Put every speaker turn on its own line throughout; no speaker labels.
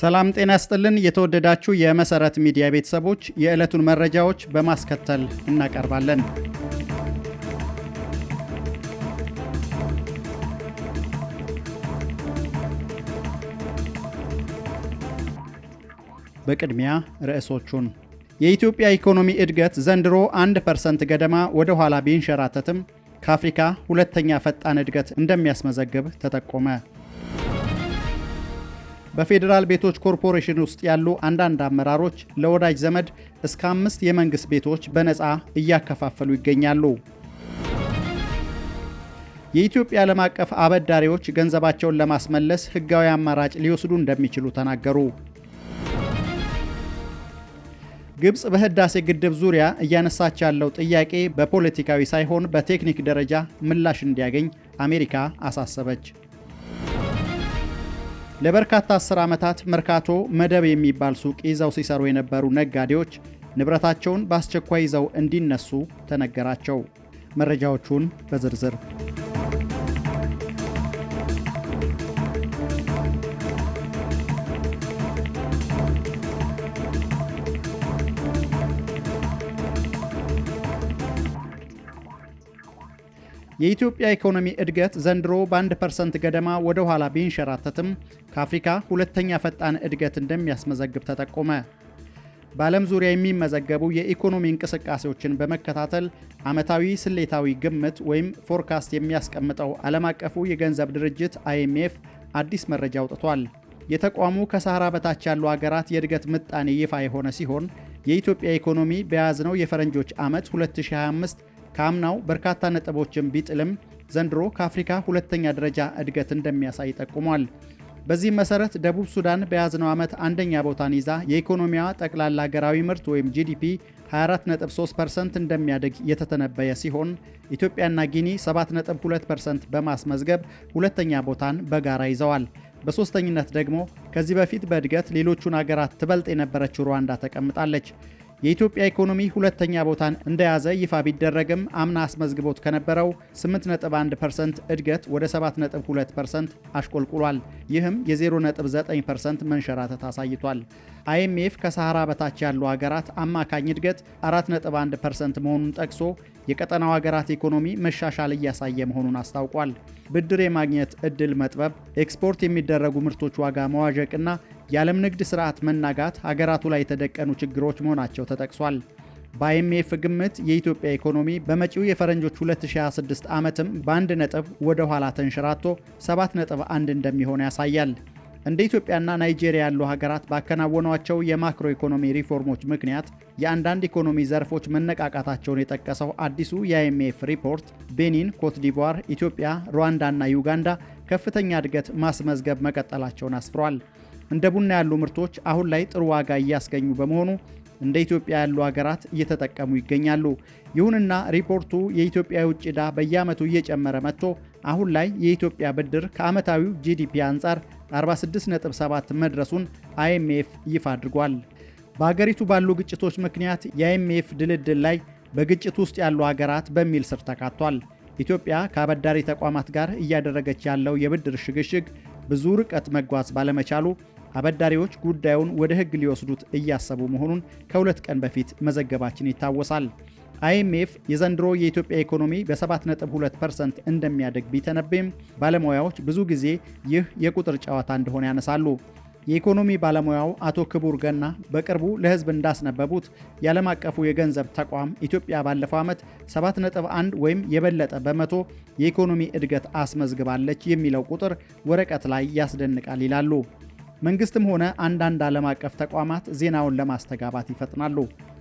ሰላም ጤና ስጥልን። የተወደዳችሁ የመሰረት ሚዲያ ቤተሰቦች የዕለቱን መረጃዎች በማስከተል እናቀርባለን። በቅድሚያ ርዕሶቹን የኢትዮጵያ ኢኮኖሚ እድገት ዘንድሮ 1 ፐርሰንት ገደማ ወደ ኋላ ቢንሸራተትም ከአፍሪካ ሁለተኛ ፈጣን እድገት እንደሚያስመዘግብ ተጠቆመ። በፌዴራል ቤቶች ኮርፖሬሽን ውስጥ ያሉ አንዳንድ አመራሮች ለወዳጅ ዘመድ እስከ አምስት የመንግሥት ቤቶች በነፃ እያከፋፈሉ ይገኛሉ። የኢትዮጵያ ዓለም አቀፍ አበዳሪዎች ገንዘባቸውን ለማስመለስ ሕጋዊ አማራጭ ሊወስዱ እንደሚችሉ ተናገሩ። ግብፅ በህዳሴ ግድብ ዙሪያ እያነሳች ያለው ጥያቄ በፖለቲካዊ ሳይሆን በቴክኒክ ደረጃ ምላሽ እንዲያገኝ አሜሪካ አሳሰበች። ለበርካታ አስር ዓመታት መርካቶ መደብ የሚባል ሱቅ ይዘው ሲሰሩ የነበሩ ነጋዴዎች ንብረታቸውን በአስቸኳይ ይዘው እንዲነሱ ተነገራቸው። መረጃዎቹን በዝርዝር የኢትዮጵያ ኢኮኖሚ እድገት ዘንድሮ በአንድ ፐርሰንት ገደማ ወደ ኋላ ቢንሸራተትም ከአፍሪካ ሁለተኛ ፈጣን እድገት እንደሚያስመዘግብ ተጠቆመ። በዓለም ዙሪያ የሚመዘገቡ የኢኮኖሚ እንቅስቃሴዎችን በመከታተል ዓመታዊ ስሌታዊ ግምት ወይም ፎርካስት የሚያስቀምጠው ዓለም አቀፉ የገንዘብ ድርጅት አይኤምኤፍ አዲስ መረጃ አውጥቷል። የተቋሙ ከሳህራ በታች ያሉ አገራት የእድገት ምጣኔ ይፋ የሆነ ሲሆን የኢትዮጵያ ኢኮኖሚ በያዝነው የፈረንጆች ዓመት 2025 ከአምናው በርካታ ነጥቦችን ቢጥልም ዘንድሮ ከአፍሪካ ሁለተኛ ደረጃ እድገት እንደሚያሳይ ጠቁሟል። በዚህ መሰረት ደቡብ ሱዳን በያዝነው ዓመት አንደኛ ቦታን ይዛ የኢኮኖሚዋ ጠቅላላ ሀገራዊ ምርት ወይም ጂዲፒ 24.3% እንደሚያድግ የተተነበየ ሲሆን ኢትዮጵያና ጊኒ 7.2% በማስመዝገብ ሁለተኛ ቦታን በጋራ ይዘዋል። በሦስተኝነት ደግሞ ከዚህ በፊት በእድገት ሌሎቹን አገራት ትበልጥ የነበረችው ሩዋንዳ ተቀምጣለች። የኢትዮጵያ ኢኮኖሚ ሁለተኛ ቦታን እንደያዘ ይፋ ቢደረግም አምና አስመዝግቦት ከነበረው 8.1 ፐርሰንት እድገት ወደ 7.2 ፐርሰንት አሽቆልቁሏል። ይህም የ0.9 ፐርሰንት መንሸራተት አሳይቷል። አይኤምኤፍ ከሰሃራ በታች ያሉ ሀገራት አማካኝ እድገት 4.1 ፐርሰንት መሆኑን ጠቅሶ የቀጠናው ሀገራት ኢኮኖሚ መሻሻል እያሳየ መሆኑን አስታውቋል። ብድር የማግኘት እድል መጥበብ፣ ኤክስፖርት የሚደረጉ ምርቶች ዋጋ መዋዠቅና የዓለም ንግድ ሥርዓት መናጋት ሀገራቱ ላይ የተደቀኑ ችግሮች መሆናቸው ተጠቅሷል። በአይኤምኤፍ ግምት የኢትዮጵያ ኢኮኖሚ በመጪው የፈረንጆች 2026 ዓመትም በአንድ ነጥብ ወደ ኋላ ተንሸራቶ 7.1 እንደሚሆን ያሳያል። እንደ ኢትዮጵያና ናይጄሪያ ያሉ ሀገራት ባከናወኗቸው የማክሮ ኢኮኖሚ ሪፎርሞች ምክንያት የአንዳንድ ኢኮኖሚ ዘርፎች መነቃቃታቸውን የጠቀሰው አዲሱ የአይኤምኤፍ ሪፖርት ቤኒን፣ ኮትዲቯር፣ ኢትዮጵያ፣ ሩዋንዳና ዩጋንዳ ከፍተኛ እድገት ማስመዝገብ መቀጠላቸውን አስፍሯል። እንደ ቡና ያሉ ምርቶች አሁን ላይ ጥሩ ዋጋ እያስገኙ በመሆኑ እንደ ኢትዮጵያ ያሉ ሀገራት እየተጠቀሙ ይገኛሉ። ይሁንና ሪፖርቱ የኢትዮጵያ የውጭ ዕዳ በየዓመቱ እየጨመረ መጥቶ አሁን ላይ የኢትዮጵያ ብድር ከዓመታዊው ጂዲፒ አንጻር 46.7 መድረሱን አይኤምኤፍ ይፋ አድርጓል። በአገሪቱ ባሉ ግጭቶች ምክንያት የአይኤምኤፍ ድልድል ላይ በግጭት ውስጥ ያሉ ሀገራት በሚል ስር ተካቷል። ኢትዮጵያ ከአበዳሪ ተቋማት ጋር እያደረገች ያለው የብድር ሽግሽግ ብዙ ርቀት መጓዝ ባለመቻሉ አበዳሪዎች ጉዳዩን ወደ ሕግ ሊወስዱት እያሰቡ መሆኑን ከሁለት ቀን በፊት መዘገባችን ይታወሳል። አይኤምኤፍ የዘንድሮ የኢትዮጵያ ኢኮኖሚ በ7.2% እንደሚያደግ ቢተነብም ባለሙያዎች ብዙ ጊዜ ይህ የቁጥር ጨዋታ እንደሆነ ያነሳሉ። የኢኮኖሚ ባለሙያው አቶ ክቡር ገና በቅርቡ ለሕዝብ እንዳስነበቡት የዓለም አቀፉ የገንዘብ ተቋም ኢትዮጵያ ባለፈው ዓመት 7.1 ወይም የበለጠ በመቶ የኢኮኖሚ እድገት አስመዝግባለች የሚለው ቁጥር ወረቀት ላይ ያስደንቃል ይላሉ። መንግስትም ሆነ አንዳንድ ዓለም አቀፍ ተቋማት ዜናውን ለማስተጋባት ይፈጥናሉ።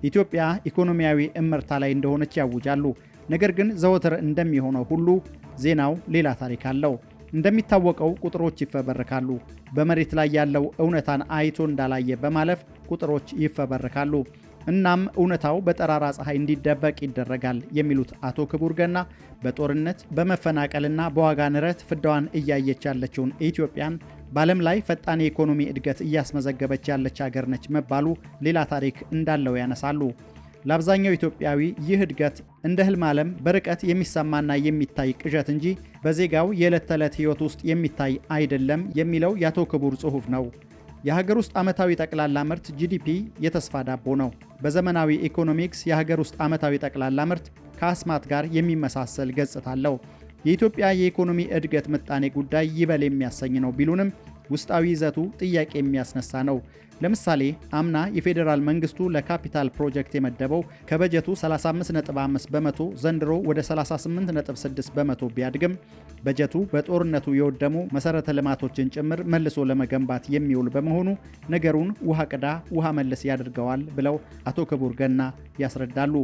ኢትዮጵያ ኢኮኖሚያዊ እምርታ ላይ እንደሆነች ያውጃሉ። ነገር ግን ዘወትር እንደሚሆነው ሁሉ ዜናው ሌላ ታሪክ አለው። እንደሚታወቀው ቁጥሮች ይፈበረካሉ። በመሬት ላይ ያለው እውነታን አይቶ እንዳላየ በማለፍ ቁጥሮች ይፈበረካሉ። እናም እውነታው በጠራራ ፀሐይ እንዲደበቅ ይደረጋል የሚሉት አቶ ክቡር ገና በጦርነት በመፈናቀልና በዋጋ ንረት ፍዳዋን እያየች ያለችውን ኢትዮጵያን በዓለም ላይ ፈጣን የኢኮኖሚ እድገት እያስመዘገበች ያለች ሀገር ነች መባሉ ሌላ ታሪክ እንዳለው ያነሳሉ። ለአብዛኛው ኢትዮጵያዊ ይህ እድገት እንደ ህልም ዓለም በርቀት የሚሰማና የሚታይ ቅዠት እንጂ በዜጋው የዕለት ተዕለት ሕይወት ውስጥ የሚታይ አይደለም የሚለው የአቶ ክቡር ጽሑፍ ነው። የሀገር ውስጥ ዓመታዊ ጠቅላላ ምርት ጂዲፒ የተስፋ ዳቦ ነው። በዘመናዊ ኢኮኖሚክስ የሀገር ውስጥ ዓመታዊ ጠቅላላ ምርት ከአስማት ጋር የሚመሳሰል ገጽታ አለው። የኢትዮጵያ የኢኮኖሚ እድገት ምጣኔ ጉዳይ ይበል የሚያሰኝ ነው ቢሉንም ውስጣዊ ይዘቱ ጥያቄ የሚያስነሳ ነው። ለምሳሌ አምና የፌዴራል መንግስቱ ለካፒታል ፕሮጀክት የመደበው ከበጀቱ 35.5 በመቶ ዘንድሮ ወደ 38.6 በመቶ ቢያድግም በጀቱ በጦርነቱ የወደሙ መሰረተ ልማቶችን ጭምር መልሶ ለመገንባት የሚውል በመሆኑ ነገሩን ውሃ ቅዳ ውሃ መልስ ያደርገዋል ብለው አቶ ክቡር ገና ያስረዳሉ።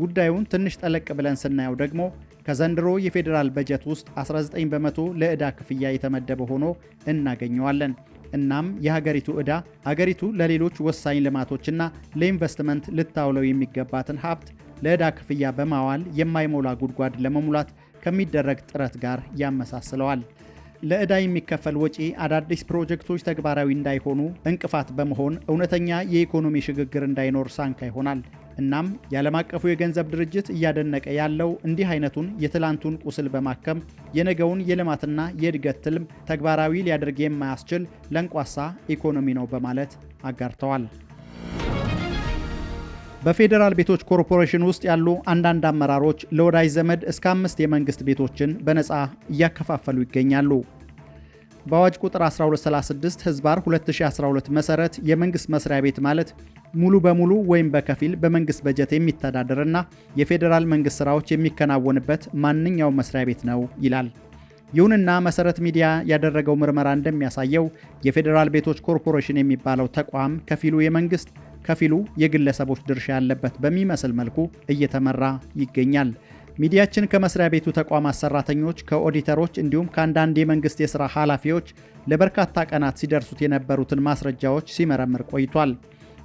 ጉዳዩን ትንሽ ጠለቅ ብለን ስናየው ደግሞ ከዘንድሮ የፌዴራል በጀት ውስጥ 19 በመቶ ለዕዳ ክፍያ የተመደበ ሆኖ እናገኘዋለን። እናም የሀገሪቱ ዕዳ ሀገሪቱ ለሌሎች ወሳኝ ልማቶችና ለኢንቨስትመንት ልታውለው የሚገባትን ሀብት ለዕዳ ክፍያ በማዋል የማይሞላ ጉድጓድ ለመሙላት ከሚደረግ ጥረት ጋር ያመሳስለዋል። ለዕዳ የሚከፈል ወጪ አዳዲስ ፕሮጀክቶች ተግባራዊ እንዳይሆኑ እንቅፋት በመሆን እውነተኛ የኢኮኖሚ ሽግግር እንዳይኖር ሳንካ ይሆናል። እናም የዓለም አቀፉ የገንዘብ ድርጅት እያደነቀ ያለው እንዲህ አይነቱን የትላንቱን ቁስል በማከም የነገውን የልማትና የእድገት ትልም ተግባራዊ ሊያደርግ የማያስችል ለንቋሳ ኢኮኖሚ ነው በማለት አጋርተዋል። በፌዴራል ቤቶች ኮርፖሬሽን ውስጥ ያሉ አንዳንድ አመራሮች ለወዳጅ ዘመድ እስከ አምስት የመንግስት ቤቶችን በነፃ እያከፋፈሉ ይገኛሉ። በአዋጅ ቁጥር 1236 ህዝባር 2012 መሰረት የመንግስት መስሪያ ቤት ማለት ሙሉ በሙሉ ወይም በከፊል በመንግስት በጀት የሚተዳደርና የፌዴራል መንግስት ስራዎች የሚከናወንበት ማንኛውም መስሪያ ቤት ነው ይላል። ይሁንና መሰረት ሚዲያ ያደረገው ምርመራ እንደሚያሳየው የፌዴራል ቤቶች ኮርፖሬሽን የሚባለው ተቋም ከፊሉ የመንግስት ከፊሉ የግለሰቦች ድርሻ ያለበት በሚመስል መልኩ እየተመራ ይገኛል። ሚዲያችን ከመስሪያ ቤቱ ተቋማት ሰራተኞች፣ ከኦዲተሮች እንዲሁም ከአንዳንድ የመንግስት የሥራ ኃላፊዎች ለበርካታ ቀናት ሲደርሱት የነበሩትን ማስረጃዎች ሲመረምር ቆይቷል።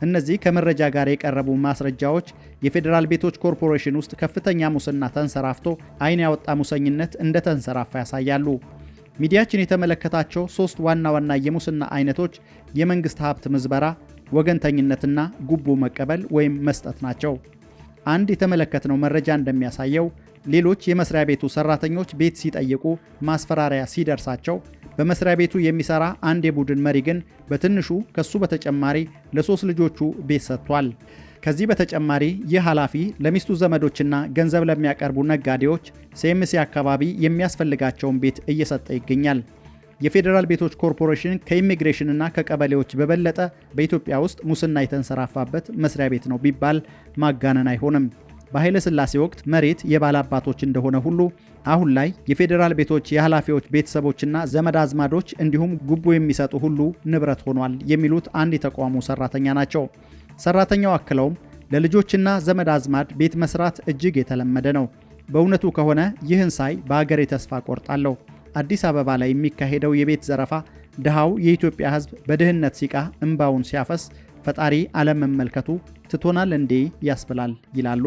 እነዚህ ከመረጃ ጋር የቀረቡ ማስረጃዎች የፌዴራል ቤቶች ኮርፖሬሽን ውስጥ ከፍተኛ ሙስና ተንሰራፍቶ አይን ያወጣ ሙሰኝነት እንደተንሰራፋ ያሳያሉ። ሚዲያችን የተመለከታቸው ሶስት ዋና ዋና የሙስና አይነቶች የመንግስት ሀብት ምዝበራ፣ ወገንተኝነትና ጉቦ መቀበል ወይም መስጠት ናቸው። አንድ የተመለከትነው መረጃ እንደሚያሳየው ሌሎች የመስሪያ ቤቱ ሰራተኞች ቤት ሲጠይቁ ማስፈራሪያ ሲደርሳቸው በመስሪያ ቤቱ የሚሰራ አንድ የቡድን መሪ ግን በትንሹ ከሱ በተጨማሪ ለሶስት ልጆቹ ቤት ሰጥቷል። ከዚህ በተጨማሪ ይህ ኃላፊ ለሚስቱ ዘመዶችና ገንዘብ ለሚያቀርቡ ነጋዴዎች ሴምሲ አካባቢ የሚያስፈልጋቸውን ቤት እየሰጠ ይገኛል። የፌዴራል ቤቶች ኮርፖሬሽን ከኢሚግሬሽንና ከቀበሌዎች በበለጠ በኢትዮጵያ ውስጥ ሙስና የተንሰራፋበት መስሪያ ቤት ነው ቢባል ማጋነን አይሆንም። በኃይለ ሥላሴ ወቅት መሬት የባላባቶች እንደሆነ ሁሉ አሁን ላይ የፌዴራል ቤቶች የኃላፊዎች ቤተሰቦችና ዘመድ አዝማዶች እንዲሁም ጉቦ የሚሰጡ ሁሉ ንብረት ሆኗል የሚሉት አንድ የተቋሙ ሰራተኛ ናቸው። ሰራተኛው አክለውም ለልጆችና ዘመድ አዝማድ ቤት መስራት እጅግ የተለመደ ነው። በእውነቱ ከሆነ ይህን ሳይ በአገሬ ተስፋ ቆርጣለሁ። አዲስ አበባ ላይ የሚካሄደው የቤት ዘረፋ ድሃው የኢትዮጵያ ሕዝብ በድህነት ሲቃ እንባውን ሲያፈስ ፈጣሪ አለመመልከቱ ትቶናል እንዴ ያስብላል ይላሉ።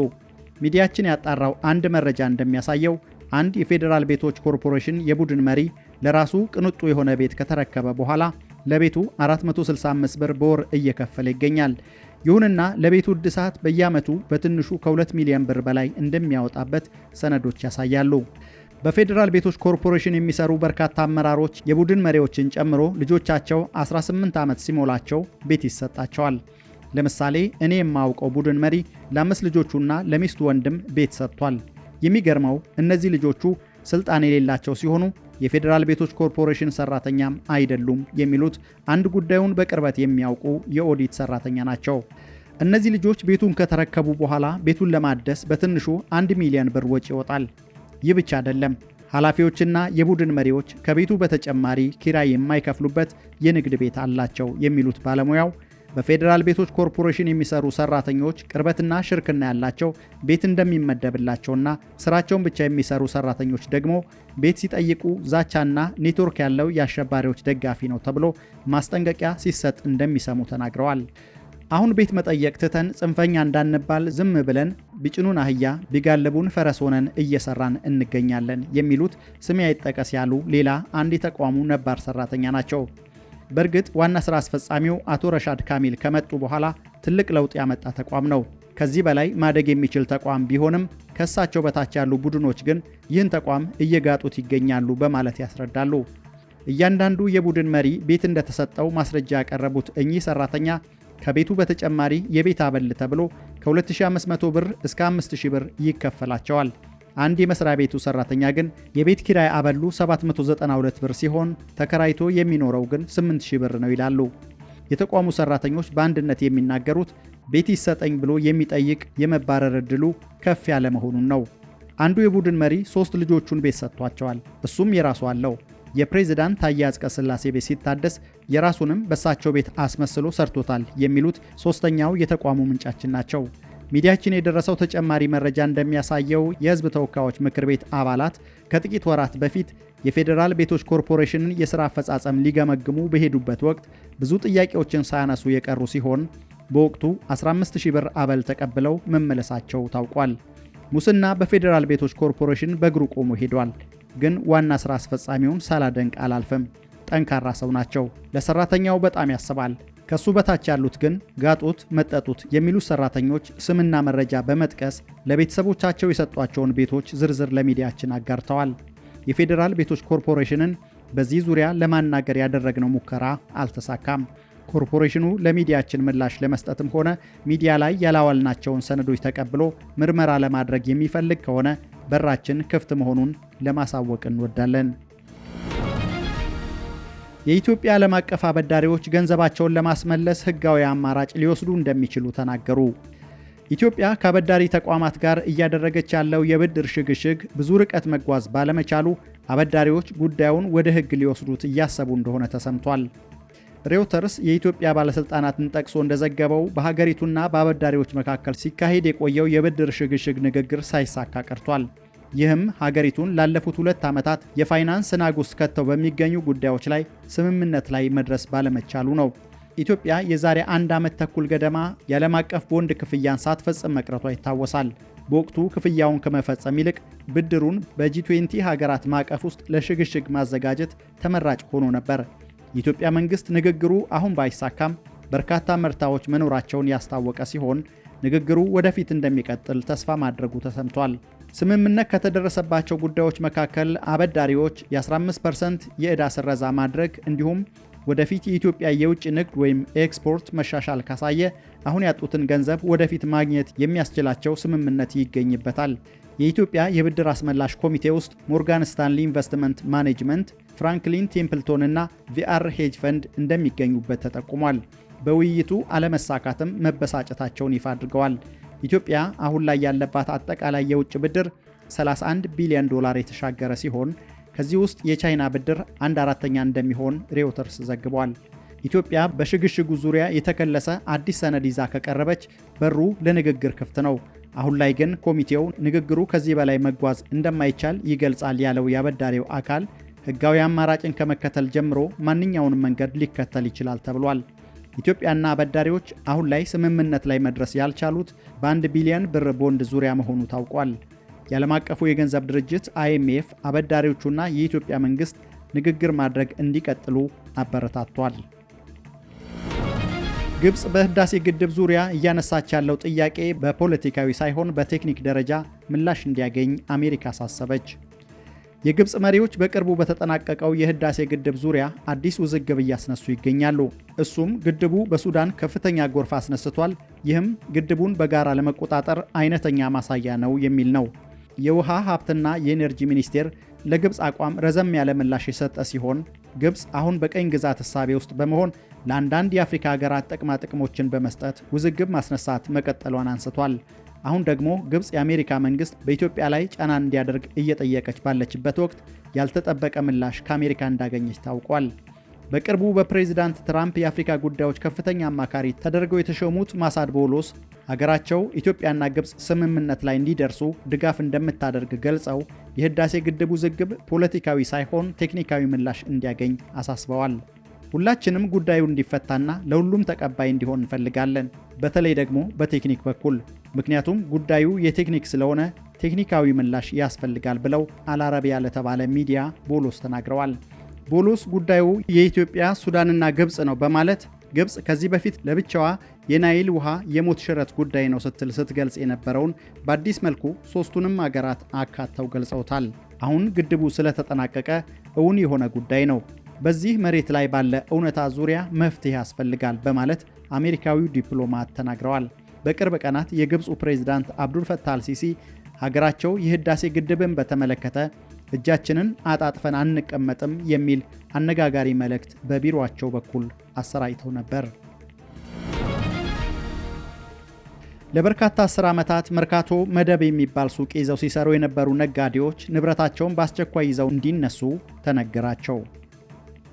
ሚዲያችን ያጣራው አንድ መረጃ እንደሚያሳየው አንድ የፌዴራል ቤቶች ኮርፖሬሽን የቡድን መሪ ለራሱ ቅንጡ የሆነ ቤት ከተረከበ በኋላ ለቤቱ 465 ብር በወር እየከፈለ ይገኛል። ይሁንና ለቤቱ እድሳት በየዓመቱ በትንሹ ከ2 ሚሊዮን ብር በላይ እንደሚያወጣበት ሰነዶች ያሳያሉ። በፌዴራል ቤቶች ኮርፖሬሽን የሚሰሩ በርካታ አመራሮች የቡድን መሪዎችን ጨምሮ ልጆቻቸው 18 ዓመት ሲሞላቸው ቤት ይሰጣቸዋል። ለምሳሌ እኔ የማውቀው ቡድን መሪ ለአምስት ልጆቹና ለሚስቱ ወንድም ቤት ሰጥቷል። የሚገርመው እነዚህ ልጆቹ ስልጣን የሌላቸው ሲሆኑ የፌዴራል ቤቶች ኮርፖሬሽን ሰራተኛም አይደሉም የሚሉት አንድ ጉዳዩን በቅርበት የሚያውቁ የኦዲት ሰራተኛ ናቸው። እነዚህ ልጆች ቤቱን ከተረከቡ በኋላ ቤቱን ለማደስ በትንሹ አንድ ሚሊዮን ብር ወጪ ይወጣል። ይህ ብቻ አይደለም። ኃላፊዎችና የቡድን መሪዎች ከቤቱ በተጨማሪ ኪራይ የማይከፍሉበት የንግድ ቤት አላቸው የሚሉት ባለሙያው በፌዴራል ቤቶች ኮርፖሬሽን የሚሰሩ ሰራተኞች ቅርበትና ሽርክና ያላቸው ቤት እንደሚመደብላቸውና ስራቸውን ብቻ የሚሰሩ ሰራተኞች ደግሞ ቤት ሲጠይቁ ዛቻና ኔትወርክ ያለው የአሸባሪዎች ደጋፊ ነው ተብሎ ማስጠንቀቂያ ሲሰጥ እንደሚሰሙ ተናግረዋል። አሁን ቤት መጠየቅ ትተን ጽንፈኛ እንዳንባል ዝም ብለን ቢጭኑን አህያ ቢጋልቡን ፈረስ ሆነን እየሰራን እንገኛለን የሚሉት ስሜ አይጠቀስ ያሉ ሌላ አንድ የተቋሙ ነባር ሰራተኛ ናቸው። በእርግጥ ዋና ሥራ አስፈጻሚው አቶ ረሻድ ካሚል ከመጡ በኋላ ትልቅ ለውጥ ያመጣ ተቋም ነው። ከዚህ በላይ ማደግ የሚችል ተቋም ቢሆንም ከእሳቸው በታች ያሉ ቡድኖች ግን ይህን ተቋም እየጋጡት ይገኛሉ በማለት ያስረዳሉ። እያንዳንዱ የቡድን መሪ ቤት እንደተሰጠው ማስረጃ ያቀረቡት እኚህ ሰራተኛ ከቤቱ በተጨማሪ የቤት አበል ተብሎ ከ2500 ብር እስከ 5000 ብር ይከፈላቸዋል። አንድ የመስሪያ ቤቱ ሰራተኛ ግን የቤት ኪራይ አበሉ 792 ብር ሲሆን ተከራይቶ የሚኖረው ግን 8000 ብር ነው ይላሉ። የተቋሙ ሰራተኞች በአንድነት የሚናገሩት ቤት ይሰጠኝ ብሎ የሚጠይቅ የመባረር ዕድሉ ከፍ ያለ መሆኑን ነው። አንዱ የቡድን መሪ ሶስት ልጆቹን ቤት ሰጥቷቸዋል። እሱም የራሱ አለው። የፕሬዝዳንት ታዬ አጽቀሥላሴ ቤት ሲታደስ የራሱንም በእሳቸው ቤት አስመስሎ ሰርቶታል የሚሉት ሶስተኛው የተቋሙ ምንጫችን ናቸው። ሚዲያችን የደረሰው ተጨማሪ መረጃ እንደሚያሳየው የህዝብ ተወካዮች ምክር ቤት አባላት ከጥቂት ወራት በፊት የፌዴራል ቤቶች ኮርፖሬሽንን የሥራ አፈጻጸም ሊገመግሙ በሄዱበት ወቅት ብዙ ጥያቄዎችን ሳያነሱ የቀሩ ሲሆን በወቅቱ 15000 ብር አበል ተቀብለው መመለሳቸው ታውቋል። ሙስና በፌዴራል ቤቶች ኮርፖሬሽን በእግሩ ቆሞ ሄዷል። ግን ዋና ሥራ አስፈጻሚውን ሳላደንቅ አላልፍም። ጠንካራ ሰው ናቸው። ለሠራተኛው በጣም ያስባል። ከሱ በታች ያሉት ግን ጋጡት፣ መጠጡት የሚሉት ሰራተኞች ስምና መረጃ በመጥቀስ ለቤተሰቦቻቸው የሰጧቸውን ቤቶች ዝርዝር ለሚዲያችን አጋርተዋል። የፌዴራል ቤቶች ኮርፖሬሽንን በዚህ ዙሪያ ለማናገር ያደረግነው ሙከራ አልተሳካም። ኮርፖሬሽኑ ለሚዲያችን ምላሽ ለመስጠትም ሆነ ሚዲያ ላይ ያላዋልናቸውን ሰነዶች ተቀብሎ ምርመራ ለማድረግ የሚፈልግ ከሆነ በራችን ክፍት መሆኑን ለማሳወቅ እንወዳለን። የኢትዮጵያ ዓለም አቀፍ አበዳሪዎች ገንዘባቸውን ለማስመለስ ሕጋዊ አማራጭ ሊወስዱ እንደሚችሉ ተናገሩ። ኢትዮጵያ ከአበዳሪ ተቋማት ጋር እያደረገች ያለው የብድር ሽግሽግ ብዙ ርቀት መጓዝ ባለመቻሉ አበዳሪዎች ጉዳዩን ወደ ሕግ ሊወስዱት እያሰቡ እንደሆነ ተሰምቷል። ሬውተርስ የኢትዮጵያ ባለሥልጣናትን ጠቅሶ እንደዘገበው በሀገሪቱና በአበዳሪዎች መካከል ሲካሄድ የቆየው የብድር ሽግሽግ ንግግር ሳይሳካ ቀርቷል። ይህም ሀገሪቱን ላለፉት ሁለት ዓመታት የፋይናንስ ናጉስ ከተው በሚገኙ ጉዳዮች ላይ ስምምነት ላይ መድረስ ባለመቻሉ ነው። ኢትዮጵያ የዛሬ አንድ ዓመት ተኩል ገደማ የዓለም አቀፍ ቦንድ ክፍያን ሳትፈጽም መቅረቷ ይታወሳል። በወቅቱ ክፍያውን ከመፈጸም ይልቅ ብድሩን በጂ20 ሀገራት ማዕቀፍ ውስጥ ለሽግሽግ ማዘጋጀት ተመራጭ ሆኖ ነበር። የኢትዮጵያ መንግሥት ንግግሩ አሁን ባይሳካም በርካታ ምርታዎች መኖራቸውን ያስታወቀ ሲሆን ንግግሩ ወደፊት እንደሚቀጥል ተስፋ ማድረጉ ተሰምቷል። ስምምነት ከተደረሰባቸው ጉዳዮች መካከል አበዳሪዎች የ15% የዕዳ ስረዛ ማድረግ እንዲሁም ወደፊት የኢትዮጵያ የውጭ ንግድ ወይም ኤክስፖርት መሻሻል ካሳየ አሁን ያጡትን ገንዘብ ወደፊት ማግኘት የሚያስችላቸው ስምምነት ይገኝበታል። የኢትዮጵያ የብድር አስመላሽ ኮሚቴ ውስጥ ሞርጋን ስታንሊ ኢንቨስትመንት ማኔጅመንት፣ ፍራንክሊን ቴምፕልቶን እና ቪአር ሄጅ ፈንድ እንደሚገኙበት ተጠቁሟል። በውይይቱ አለመሳካትም መበሳጨታቸውን ይፋ አድርገዋል። ኢትዮጵያ አሁን ላይ ያለባት አጠቃላይ የውጭ ብድር 31 ቢሊዮን ዶላር የተሻገረ ሲሆን ከዚህ ውስጥ የቻይና ብድር አንድ አራተኛ እንደሚሆን ሬውተርስ ዘግቧል። ኢትዮጵያ በሽግሽጉ ዙሪያ የተከለሰ አዲስ ሰነድ ይዛ ከቀረበች በሩ ለንግግር ክፍት ነው። አሁን ላይ ግን ኮሚቴው ንግግሩ ከዚህ በላይ መጓዝ እንደማይቻል ይገልጻል ያለው የአበዳሪው አካል ሕጋዊ አማራጭን ከመከተል ጀምሮ ማንኛውንም መንገድ ሊከተል ይችላል ተብሏል። ኢትዮጵያና አበዳሪዎች አሁን ላይ ስምምነት ላይ መድረስ ያልቻሉት በአንድ ቢሊዮን ብር ቦንድ ዙሪያ መሆኑ ታውቋል። የዓለም አቀፉ የገንዘብ ድርጅት አይኤምኤፍ አበዳሪዎቹና የኢትዮጵያ መንግሥት ንግግር ማድረግ እንዲቀጥሉ አበረታቷል። ግብፅ በህዳሴ ግድብ ዙሪያ እያነሳች ያለው ጥያቄ በፖለቲካዊ ሳይሆን በቴክኒክ ደረጃ ምላሽ እንዲያገኝ አሜሪካ አሳሰበች። የግብፅ መሪዎች በቅርቡ በተጠናቀቀው የህዳሴ ግድብ ዙሪያ አዲስ ውዝግብ እያስነሱ ይገኛሉ። እሱም ግድቡ በሱዳን ከፍተኛ ጎርፍ አስነስቷል፣ ይህም ግድቡን በጋራ ለመቆጣጠር አይነተኛ ማሳያ ነው የሚል ነው። የውሃ ሀብትና የኤነርጂ ሚኒስቴር ለግብፅ አቋም ረዘም ያለ ምላሽ የሰጠ ሲሆን ግብፅ አሁን በቀኝ ግዛት እሳቤ ውስጥ በመሆን ለአንዳንድ የአፍሪካ ሀገራት ጥቅማ ጥቅሞችን በመስጠት ውዝግብ ማስነሳት መቀጠሏን አንስቷል። አሁን ደግሞ ግብፅ የአሜሪካ መንግስት በኢትዮጵያ ላይ ጫና እንዲያደርግ እየጠየቀች ባለችበት ወቅት ያልተጠበቀ ምላሽ ከአሜሪካ እንዳገኘች ታውቋል። በቅርቡ በፕሬዚዳንት ትራምፕ የአፍሪካ ጉዳዮች ከፍተኛ አማካሪ ተደርገው የተሾሙት ማሳድ ቦሎስ አገራቸው ኢትዮጵያና ግብፅ ስምምነት ላይ እንዲደርሱ ድጋፍ እንደምታደርግ ገልጸው የህዳሴ ግድቡ ውዝግብ ፖለቲካዊ ሳይሆን ቴክኒካዊ ምላሽ እንዲያገኝ አሳስበዋል። ሁላችንም ጉዳዩ እንዲፈታና ለሁሉም ተቀባይ እንዲሆን እንፈልጋለን። በተለይ ደግሞ በቴክኒክ በኩል ምክንያቱም ጉዳዩ የቴክኒክ ስለሆነ ቴክኒካዊ ምላሽ ያስፈልጋል ብለው አልአረቢያ ለተባለ ሚዲያ ቦሎስ ተናግረዋል። ቦሎስ ጉዳዩ የኢትዮጵያ ሱዳንና ግብፅ ነው በማለት ግብፅ ከዚህ በፊት ለብቻዋ የናይል ውሃ የሞት ሽረት ጉዳይ ነው ስትል ስትገልጽ የነበረውን በአዲስ መልኩ ሦስቱንም አገራት አካተው ገልጸውታል። አሁን ግድቡ ስለተጠናቀቀ እውን የሆነ ጉዳይ ነው በዚህ መሬት ላይ ባለ እውነታ ዙሪያ መፍትሄ ያስፈልጋል በማለት አሜሪካዊው ዲፕሎማት ተናግረዋል። በቅርብ ቀናት የግብፁ ፕሬዝዳንት አብዱል ፈታህ አልሲሲ ሀገራቸው የህዳሴ ግድብን በተመለከተ እጃችንን አጣጥፈን አንቀመጥም የሚል አነጋጋሪ መልእክት በቢሮአቸው በኩል አሰራጭተው ነበር። ለበርካታ አስር ዓመታት መርካቶ መደብ የሚባል ሱቅ ይዘው ሲሰሩ የነበሩ ነጋዴዎች ንብረታቸውን በአስቸኳይ ይዘው እንዲነሱ ተነገራቸው።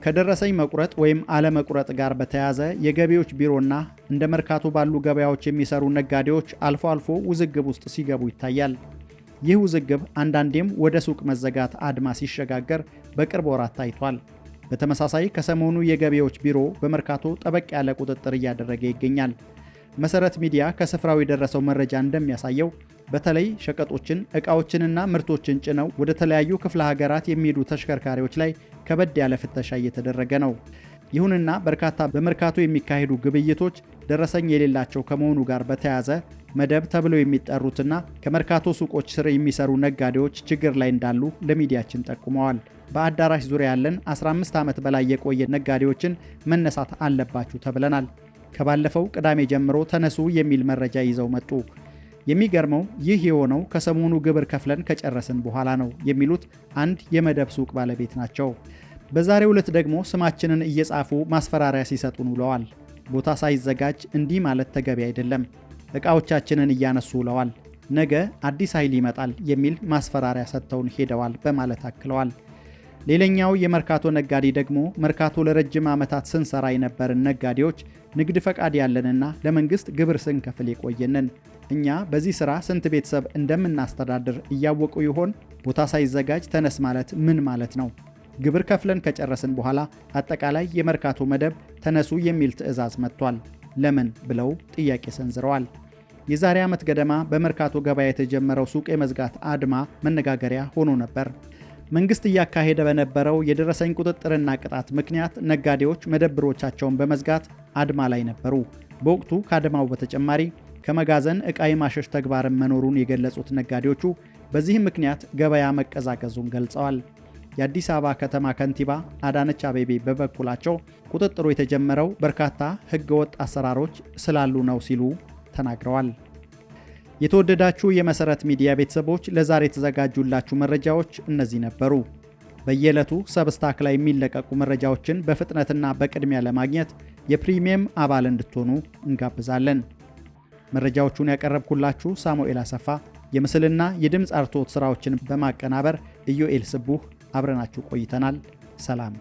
ከደረሰኝ መቁረጥ ወይም አለመቁረጥ ጋር በተያያዘ የገቢዎች ቢሮና እንደ መርካቶ ባሉ ገበያዎች የሚሰሩ ነጋዴዎች አልፎ አልፎ ውዝግብ ውስጥ ሲገቡ ይታያል። ይህ ውዝግብ አንዳንዴም ወደ ሱቅ መዘጋት አድማ ሲሸጋገር በቅርብ ወራት ታይቷል። በተመሳሳይ ከሰሞኑ የገቢዎች ቢሮ በመርካቶ ጠበቅ ያለ ቁጥጥር እያደረገ ይገኛል። መሰረት ሚዲያ ከስፍራው የደረሰው መረጃ እንደሚያሳየው በተለይ ሸቀጦችን እቃዎችንና ምርቶችን ጭነው ወደ ተለያዩ ክፍለ ሀገራት የሚሄዱ ተሽከርካሪዎች ላይ ከበድ ያለ ፍተሻ እየተደረገ ነው። ይሁንና በርካታ በመርካቶ የሚካሄዱ ግብይቶች ደረሰኝ የሌላቸው ከመሆኑ ጋር በተያያዘ መደብ ተብለው የሚጠሩትና ከመርካቶ ሱቆች ስር የሚሰሩ ነጋዴዎች ችግር ላይ እንዳሉ ለሚዲያችን ጠቁመዋል። በአዳራሽ ዙሪያ ያለን 15 ዓመት በላይ የቆየ ነጋዴዎችን መነሳት አለባችሁ ተብለናል። ከባለፈው ቅዳሜ ጀምሮ ተነሱ የሚል መረጃ ይዘው መጡ። የሚገርመው ይህ የሆነው ከሰሞኑ ግብር ከፍለን ከጨረስን በኋላ ነው የሚሉት አንድ የመደብ ሱቅ ባለቤት ናቸው። በዛሬው ዕለት ደግሞ ስማችንን እየጻፉ ማስፈራሪያ ሲሰጡን ውለዋል። ቦታ ሳይዘጋጅ እንዲህ ማለት ተገቢ አይደለም፣ እቃዎቻችንን እያነሱ ውለዋል። ነገ አዲስ ኃይል ይመጣል የሚል ማስፈራሪያ ሰጥተውን ሄደዋል በማለት አክለዋል። ሌላኛው የመርካቶ ነጋዴ ደግሞ መርካቶ ለረጅም ዓመታት ስንሰራ የነበርን ነጋዴዎች ንግድ ፈቃድ ያለንና ለመንግስት ግብር ስንከፍል የቆየንን እኛ በዚህ ሥራ ስንት ቤተሰብ እንደምናስተዳድር እያወቁ ይሆን? ቦታ ሳይዘጋጅ ተነስ ማለት ምን ማለት ነው? ግብር ከፍለን ከጨረስን በኋላ አጠቃላይ የመርካቶ መደብ ተነሱ የሚል ትዕዛዝ መጥቷል። ለምን ብለው ጥያቄ ሰንዝረዋል። የዛሬ ዓመት ገደማ በመርካቶ ገበያ የተጀመረው ሱቅ የመዝጋት አድማ መነጋገሪያ ሆኖ ነበር። መንግስት እያካሄደ በነበረው የደረሰኝ ቁጥጥርና ቅጣት ምክንያት ነጋዴዎች መደብሮቻቸውን በመዝጋት አድማ ላይ ነበሩ። በወቅቱ ከአድማው በተጨማሪ ከመጋዘን ዕቃ የማሸሽ ተግባርን መኖሩን የገለጹት ነጋዴዎቹ በዚህም ምክንያት ገበያ መቀዛቀዙን ገልጸዋል። የአዲስ አበባ ከተማ ከንቲባ አዳነች አቤቤ በበኩላቸው ቁጥጥሩ የተጀመረው በርካታ ህገወጥ አሰራሮች ስላሉ ነው ሲሉ ተናግረዋል። የተወደዳችሁ የመሰረት ሚዲያ ቤተሰቦች ለዛሬ የተዘጋጁላችሁ መረጃዎች እነዚህ ነበሩ። በየዕለቱ ሰብስታክ ላይ የሚለቀቁ መረጃዎችን በፍጥነትና በቅድሚያ ለማግኘት የፕሪሚየም አባል እንድትሆኑ እንጋብዛለን። መረጃዎቹን ያቀረብኩላችሁ ሳሙኤል አሰፋ፣ የምስልና የድምፅ አርትዖት ሥራዎችን በማቀናበር ኢዮኤል ስቡህ፣ አብረናችሁ ቆይተናል። ሰላም